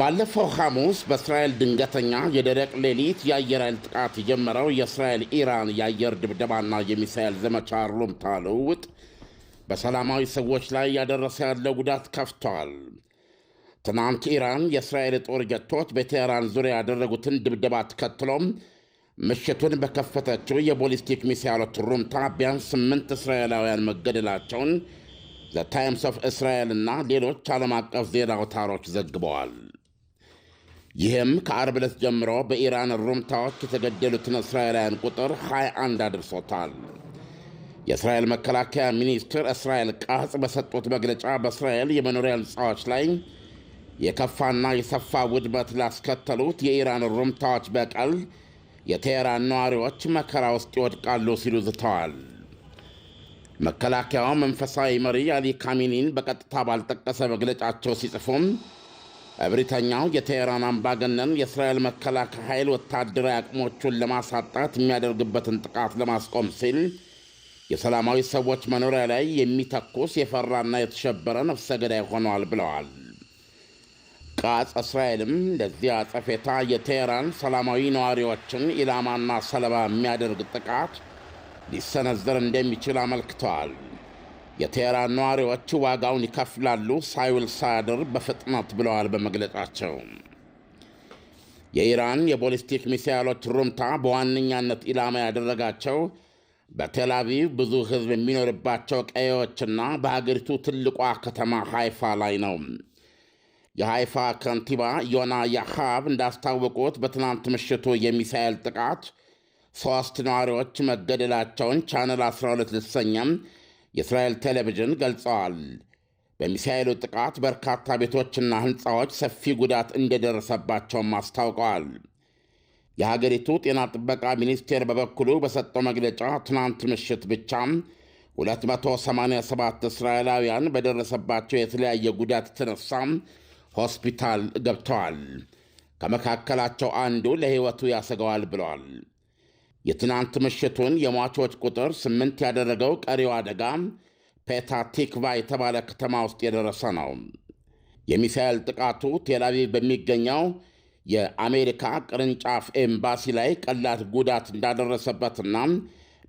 ባለፈው ሐሙስ በእስራኤል ድንገተኛ የደረቅ ሌሊት የአየር ኃይል ጥቃት የጀመረው የእስራኤል ኢራን የአየር ድብደባና የሚሳኤል ዘመቻ ሩምታ ልውውጥ በሰላማዊ ሰዎች ላይ ያደረሰ ያለው ጉዳት ከፍቷል። ትናንት ኢራን የእስራኤል ጦር ጀቶች በቴህራን ዙሪያ ያደረጉትን ድብደባ ተከትሎም ምሽቱን በከፈተችው የቦሊስቲክ ሚሳይሎች ሩምታ ቢያንስ ስምንት እስራኤላውያን መገደላቸውን ዘ ታይምስ ኦፍ እስራኤል እና ሌሎች ዓለም አቀፍ ዜና አውታሮች ዘግበዋል። ይህም ከአርብ ዕለት ጀምሮ በኢራን ሩምታዎች የተገደሉትን እስራኤላውያን ቁጥር 21 አድርሶታል። የእስራኤል መከላከያ ሚኒስትር እስራኤል ቃጽ በሰጡት መግለጫ በእስራኤል የመኖሪያ ሕንፃዎች ላይ የከፋና የሰፋ ውድመት ላስከተሉት የኢራን ሩምታዎች በቀል የቴሄራን ነዋሪዎች መከራ ውስጥ ይወድቃሉ ሲሉ ዝተዋል። መከላከያው መንፈሳዊ መሪ አሊ ካሚኒን በቀጥታ ባልጠቀሰ መግለጫቸው ሲጽፉም እብሪተኛው የቴሄራን አምባገነን የእስራኤል መከላከያ ኃይል ወታደራዊ አቅሞቹን ለማሳጣት የሚያደርግበትን ጥቃት ለማስቆም ሲል የሰላማዊ ሰዎች መኖሪያ ላይ የሚተኩስ የፈራና የተሸበረ ነፍሰ ገዳይ ሆኗል ብለዋል። ቃጽ እስራኤልም ለዚህ አጸፌታ የቴሄራን ሰላማዊ ነዋሪዎችን ኢላማና ሰለባ የሚያደርግ ጥቃት ሊሰነዘር እንደሚችል አመልክተዋል። የቴህራን ነዋሪዎች ዋጋውን ይከፍላሉ ሳይውል ሳያድር በፍጥነት ብለዋል በመግለጫቸው። የኢራን የቦሊስቲክ ሚሳይሎች ሩምታ በዋነኛነት ኢላማ ያደረጋቸው በቴላቪቭ ብዙ ሕዝብ የሚኖርባቸው ቀዬዎችና በሀገሪቱ ትልቋ ከተማ ሃይፋ ላይ ነው። የሃይፋ ከንቲባ ዮና ያሃብ እንዳስታወቁት በትናንት ምሽቱ የሚሳኤል ጥቃት ሦስት ነዋሪዎች መገደላቸውን ቻነል 12 ልሰኛም የእስራኤል ቴሌቪዥን ገልጸዋል። በሚሳኤሉ ጥቃት በርካታ ቤቶችና ሕንፃዎች ሰፊ ጉዳት እንደደረሰባቸውም አስታውቀዋል። የሀገሪቱ ጤና ጥበቃ ሚኒስቴር በበኩሉ በሰጠው መግለጫ ትናንት ምሽት ብቻ 287 እስራኤላውያን በደረሰባቸው የተለያየ ጉዳት የተነሳ ሆስፒታል ገብተዋል። ከመካከላቸው አንዱ ለሕይወቱ ያሰገዋል ብለዋል። የትናንት ምሽቱን የሟቾች ቁጥር ስምንት ያደረገው ቀሪው አደጋ ፔታ ቲክቫ የተባለ ከተማ ውስጥ የደረሰ ነው። የሚሳኤል ጥቃቱ ቴላቪቭ በሚገኘው የአሜሪካ ቅርንጫፍ ኤምባሲ ላይ ቀላል ጉዳት እንዳደረሰበትና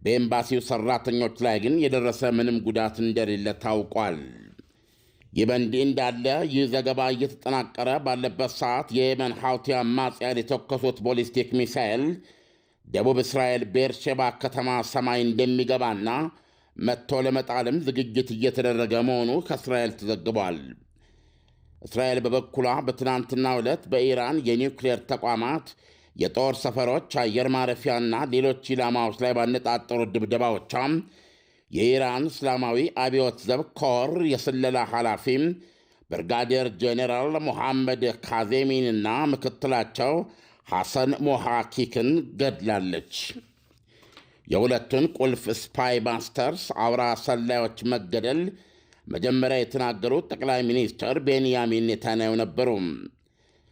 በኤምባሲው ሰራተኞች ላይ ግን የደረሰ ምንም ጉዳት እንደሌለ ታውቋል። ይህ በእንዲህ እንዳለ ይህ ዘገባ እየተጠናቀረ ባለበት ሰዓት የየመን ሐውቲ አማጽያን የተኮሱት ቦሊስቲክ ሚሳኤል ደቡብ እስራኤል ቤርሼባ ከተማ ሰማይ እንደሚገባና መጥቶ ለመጣልም ዝግጅት እየተደረገ መሆኑ ከእስራኤል ተዘግቧል። እስራኤል በበኩሏ በትናንትና ዕለት በኢራን የኒውክሌር ተቋማት፣ የጦር ሰፈሮች፣ አየር ማረፊያና ሌሎች ኢላማዎች ላይ ባነጣጠሩ ድብደባዎቿም የኢራን እስላማዊ አብዮት ዘብ ኮር የስለላ ኃላፊም ብርጋዴር ጄኔራል ሞሐመድ ካዜሚንና ምክትላቸው ሐሰን ሞሃኪክን ገድላለች። የሁለቱን ቁልፍ ስፓይ ማስተርስ አውራ ሰላዮች መገደል መጀመሪያ የተናገሩት ጠቅላይ ሚኒስትር ቤንያሚን ኔታንያሁ ነበሩ።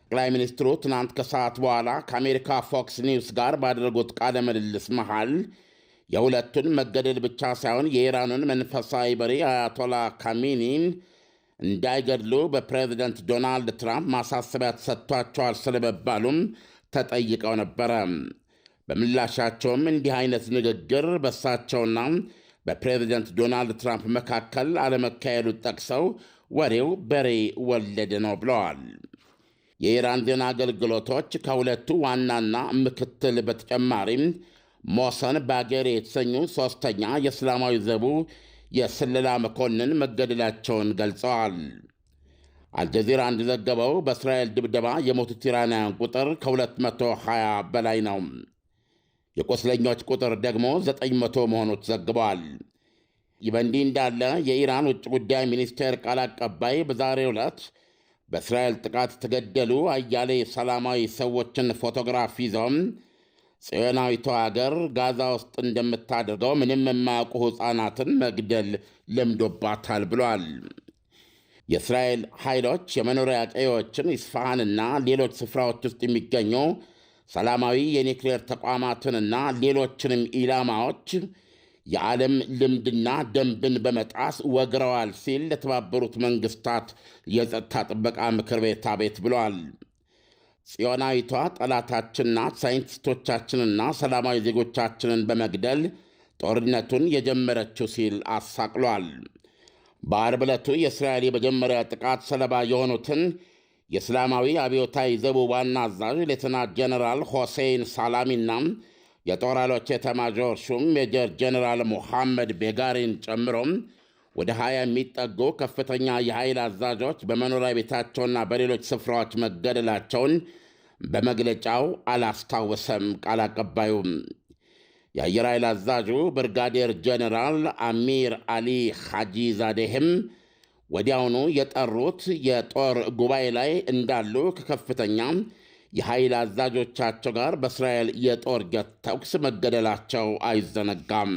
ጠቅላይ ሚኒስትሩ ትናንት ከሰዓት በኋላ ከአሜሪካ ፎክስ ኒውስ ጋር ባደረጉት ቃለ ምልልስ መሃል የሁለቱን መገደል ብቻ ሳይሆን የኢራኑን መንፈሳዊ መሪ አያቶላ ካሚኒን እንዳይገድሉ በፕሬዚደንት ዶናልድ ትራምፕ ማሳሰቢያ ተሰጥቷቸዋል ስለመባሉም ተጠይቀው ነበረ። በምላሻቸውም እንዲህ አይነት ንግግር በሳቸውና በፕሬዚደንት ዶናልድ ትራምፕ መካከል አለመካሄዱ ጠቅሰው ወሬው በሬ ወለድ ነው ብለዋል። የኢራን ዜና አገልግሎቶች ከሁለቱ ዋናና ምክትል በተጨማሪም ሞሰን ባጌሪ የተሰኙ ሦስተኛ የእስላማዊ ዘቡ የስለላ መኮንን መገደላቸውን ገልጸዋል። አልጀዚራ እንደዘገበው በእስራኤል ድብደባ የሞቱት ኢራናውያን ቁጥር ከ220 በላይ ነው። የቆስለኞች ቁጥር ደግሞ 900 መሆኑ ተዘግበዋል። ይህ በእንዲህ እንዳለ የኢራን ውጭ ጉዳይ ሚኒስቴር ቃል አቀባይ በዛሬው ዕለት በእስራኤል ጥቃት የተገደሉ አያሌ ሰላማዊ ሰዎችን ፎቶግራፍ ይዘውም ጽዮናዊቷ አገር ጋዛ ውስጥ እንደምታደርገው ምንም የማያውቁ ሕፃናትን መግደል ለምዶባታል ብሏል። የእስራኤል ኃይሎች የመኖሪያ ቀዬዎችን ኢስፋሃንና ሌሎች ስፍራዎች ውስጥ የሚገኙ ሰላማዊ የኒውክሌር ተቋማትንና ሌሎችንም ኢላማዎች የዓለም ልምድና ደንብን በመጣስ ወግረዋል ሲል ለተባበሩት መንግስታት የጸጥታ ጥበቃ ምክር ቤት አቤት ብሏል። ጽዮናዊቷ ጠላታችንና ሳይንቲስቶቻችንና ሰላማዊ ዜጎቻችንን በመግደል ጦርነቱን የጀመረችው ሲል አሳቅሏል። በአርብ ዕለቱ የእስራኤል የመጀመሪያ ጥቃት ሰለባ የሆኑትን የእስላማዊ አብዮታዊ ዘቡ ዋና አዛዥ ሌትናንት ጀነራል ሆሴይን ሳላሚና የጦር ኃይሎች ኤታማዦር ሹም ሜጀር ጀነራል ሙሐመድ ቤጋሪን ጨምሮ ወደ 20 የሚጠጉ ከፍተኛ የኃይል አዛዦች በመኖሪያ ቤታቸውና በሌሎች ስፍራዎች መገደላቸውን በመግለጫው አላስታወሰም ቃል አቀባዩም የአየር ኃይል አዛዡ ብርጋዴር ጀኔራል አሚር አሊ ሐጂ ዛዴህም ወዲያውኑ የጠሩት የጦር ጉባኤ ላይ እንዳሉ ከከፍተኛ የኃይል አዛዦቻቸው ጋር በእስራኤል የጦር ጀት ተኩስ መገደላቸው አይዘነጋም።